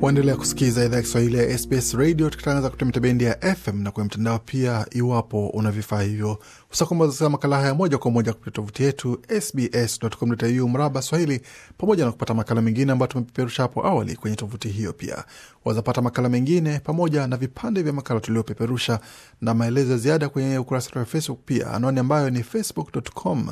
Waendelea kusikiliza idhaa ya Kiswahili ya SBS Radio, tukitangaza kutumia mitabendi ya FM na kwenye mtandao pia, iwapo una vifaa hivyo. Usakumbaza makala haya moja kwa moja kupitia tovuti yetu sbs.com.au mraba swahili, pamoja na kupata makala mengine ambayo tumepeperusha hapo awali kwenye tovuti hiyo. Pia wazapata makala mengine pamoja na vipande vya makala tuliopeperusha na maelezo ya ziada kwenye ukurasa wa Facebook, pia anwani ambayo ni facebook.com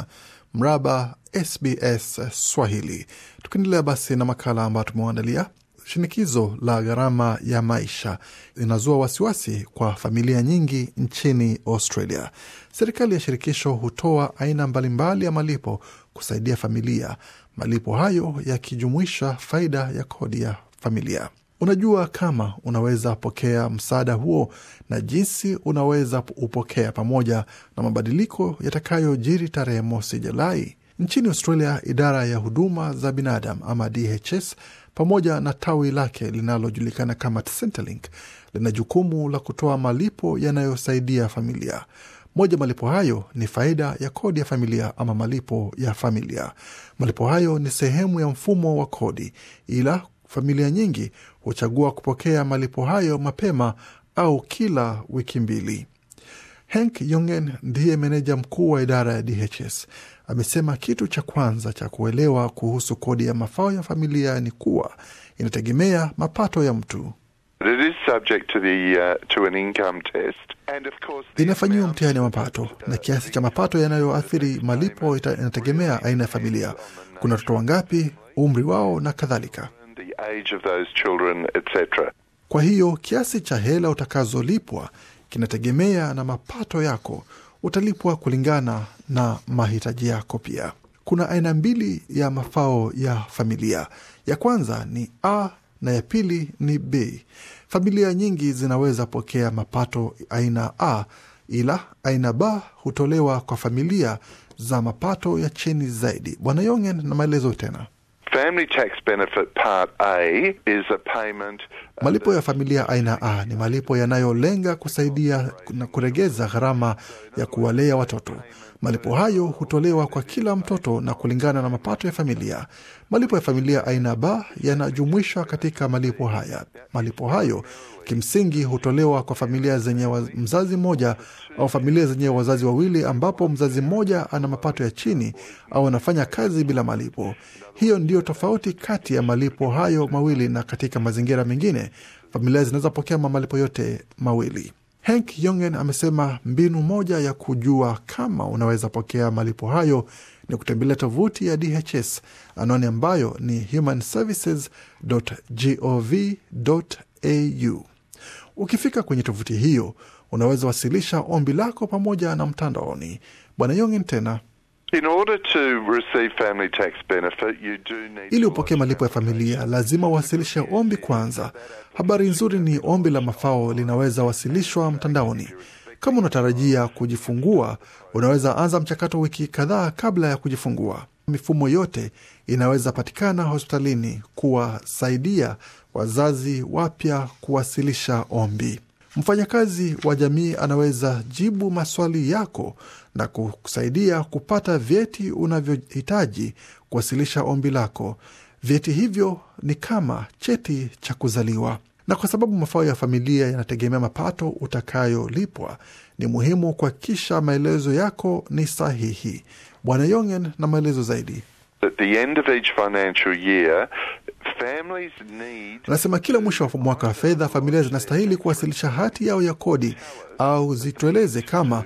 mraba SBS Swahili. Tukiendelea basi na makala ambayo tumewaandalia shinikizo la gharama ya maisha inazua wasiwasi kwa familia nyingi nchini Australia. Serikali ya shirikisho hutoa aina mbalimbali ya malipo kusaidia familia, malipo hayo yakijumuisha faida ya kodi ya familia. Unajua kama unaweza pokea msaada huo na jinsi unaweza upokea, pamoja na mabadiliko yatakayojiri tarehe mosi Julai. Nchini Australia, idara ya huduma za binadamu ama DHS pamoja na tawi lake linalojulikana kama Centrelink lina jukumu la kutoa malipo yanayosaidia familia. Moja malipo hayo ni faida ya kodi ya familia ama malipo ya familia. Malipo hayo ni sehemu ya mfumo wa kodi, ila familia nyingi huchagua kupokea malipo hayo mapema au kila wiki mbili. Henk Yongen ndiye meneja mkuu wa idara ya DHS amesema kitu cha kwanza cha kuelewa kuhusu kodi ya mafao ya familia ni kuwa inategemea mapato ya mtu. Inafanyiwa mtihani wa mapato na kiasi cha mapato yanayoathiri malipo inategemea aina ya familia, kuna watoto wangapi, umri wao na kadhalika. Kwa hiyo kiasi cha hela utakazolipwa kinategemea na mapato yako, utalipwa kulingana na mahitaji yako. Pia kuna aina mbili ya mafao ya familia, ya kwanza ni A na ya pili ni B. Familia nyingi zinaweza pokea mapato aina A, ila aina B hutolewa kwa familia za mapato ya chini zaidi. Bwana Yongen na maelezo tena Family tax benefit part A is a payment. Uh, malipo ya familia aina A ni malipo yanayolenga kusaidia na kuregeza gharama ya kuwalea watoto. Malipo hayo hutolewa kwa kila mtoto na kulingana na mapato ya familia. Malipo ya familia aina B yanajumuishwa katika malipo haya. Malipo hayo kimsingi hutolewa kwa familia zenye mzazi mmoja au familia zenye wazazi wawili, ambapo mzazi mmoja ana mapato ya chini au anafanya kazi bila malipo. Hiyo ndio iliyo tofauti kati ya malipo hayo mawili, na katika mazingira mengine familia zinaweza pokea malipo yote mawili. Henk Yongen amesema mbinu moja ya kujua kama unaweza pokea malipo hayo ni kutembelea tovuti ya DHS, anwani ambayo ni humanservices.gov.au. Ukifika kwenye tovuti hiyo, unaweza wasilisha ombi lako pamoja na mtandaoni. Bwana Yongen tena ili upokee malipo ya familia, lazima uwasilishe ombi kwanza. Habari nzuri ni ombi la mafao linaweza wasilishwa mtandaoni. Kama unatarajia kujifungua, unaweza anza mchakato wiki kadhaa kabla ya kujifungua. Mifumo yote inaweza patikana hospitalini kuwasaidia wazazi wapya kuwasilisha ombi. Mfanyakazi wa jamii anaweza jibu maswali yako na kusaidia kupata vyeti unavyohitaji kuwasilisha ombi lako. Vyeti hivyo ni kama cheti cha kuzaliwa. Na kwa sababu mafao ya familia yanategemea mapato utakayolipwa, ni muhimu kuhakikisha maelezo yako ni sahihi. Bwana Yongen na maelezo zaidi that the end of each financial year, Anasema kila mwisho wa mwaka wa fedha familia zinastahili kuwasilisha hati yao ya kodi au zitueleze kama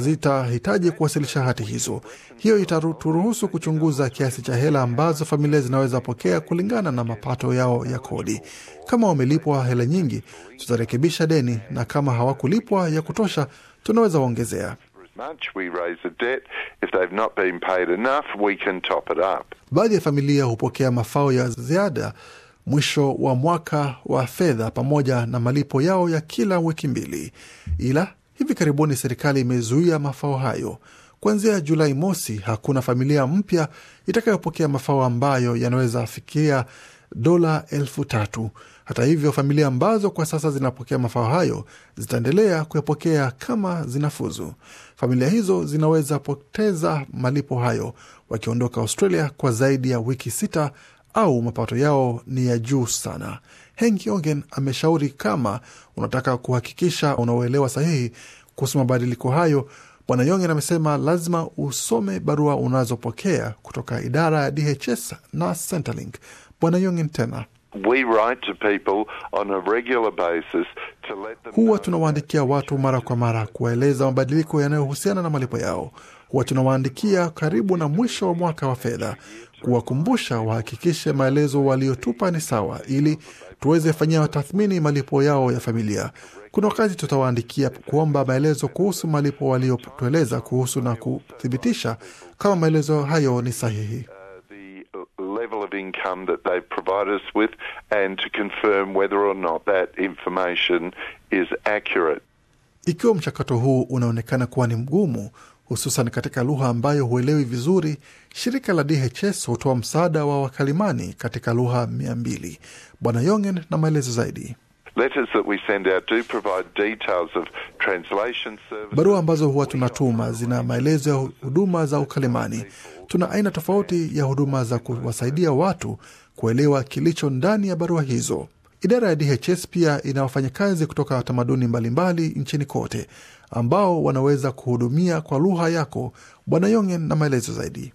zitahitaji kuwasilisha hati hizo. Hiyo itaturuhusu kuchunguza kiasi cha hela ambazo familia zinaweza pokea kulingana na mapato yao ya kodi. Kama wamelipwa hela nyingi, tutarekebisha deni, na kama hawakulipwa ya kutosha, tunaweza waongezea much, we raise debt. If they've not been paid enough, we can top it up. Baadhi ya familia hupokea mafao ya ziada mwisho wa mwaka wa fedha pamoja na malipo yao ya kila wiki mbili, ila hivi karibuni serikali imezuia mafao hayo. Kuanzia Julai mosi, hakuna familia mpya itakayopokea mafao ambayo yanaweza fikia dola elfu tatu. Hata hivyo, familia ambazo kwa sasa zinapokea mafao hayo zitaendelea kuyapokea kama zinafuzu. Familia hizo zinaweza poteza malipo hayo wakiondoka Australia kwa zaidi ya wiki sita au mapato yao ni ya juu sana. Henk Ongen ameshauri kama unataka kuhakikisha unaoelewa sahihi kuhusu mabadiliko hayo. Bwana Yongen amesema lazima usome barua unazopokea kutoka idara ya DHS na Centrelink Bwana yongin tena huwa tunawaandikia watu mara kwa mara kuwaeleza mabadiliko yanayohusiana na malipo yao. Huwa tunawaandikia karibu na mwisho wa mwaka wa fedha kuwakumbusha wahakikishe maelezo waliotupa ni sawa, ili tuweze fanyia tathmini malipo yao ya familia. Kuna wakati tutawaandikia kuomba maelezo kuhusu malipo waliotueleza kuhusu na kuthibitisha kama maelezo hayo ni sahihi income that they've provided us with and to confirm whether or not that information is accurate. Ikiwa mchakato huu unaonekana kuwa ni mgumu, hususan katika lugha ambayo huelewi vizuri, shirika la DHS hutoa msaada wa wakalimani katika lugha mia mbili. Bwana Yongen na maelezo zaidi. Letters that we send out do provide details of translation services. Barua ambazo huwa tunatuma zina maelezo ya huduma za ukalimani. Tuna aina tofauti ya huduma za kuwasaidia watu kuelewa kilicho ndani ya barua hizo. Idara ya DHS pia ina wafanyakazi kutoka tamaduni mbalimbali nchini kote ambao wanaweza kuhudumia kwa lugha yako. Bwana Yongen na maelezo zaidi.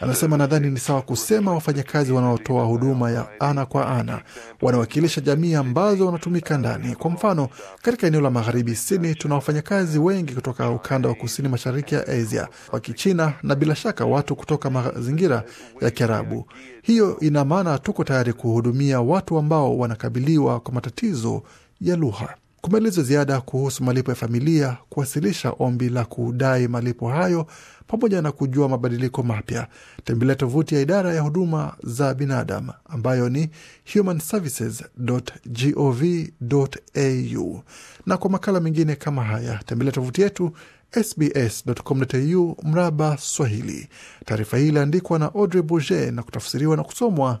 Anasema nadhani ni sawa kusema wafanyakazi wanaotoa huduma ya ana kwa ana wanawakilisha jamii ambazo wanatumika ndani. Kwa mfano, katika eneo la magharibi Sydney tuna wafanyakazi wengi kutoka ukanda wa kusini mashariki ya Asia wa Kichina na bila shaka watu kutoka mazingira ya Kiarabu. Hiyo ina maana tuko tayari kuhudumia watu ambao wanakabiliwa kwa matatizo ya lugha. Kwa maelezo ziada kuhusu malipo ya familia, kuwasilisha ombi la kudai malipo hayo, pamoja na kujua mabadiliko mapya, tembelea tovuti ya idara ya huduma za binadamu ambayo ni humanservices.gov.au. Na kwa makala mengine kama haya, tembelea tovuti yetu sbs.com.au mraba Swahili. Taarifa hii iliandikwa na Audrey bouget na kutafsiriwa na kusomwa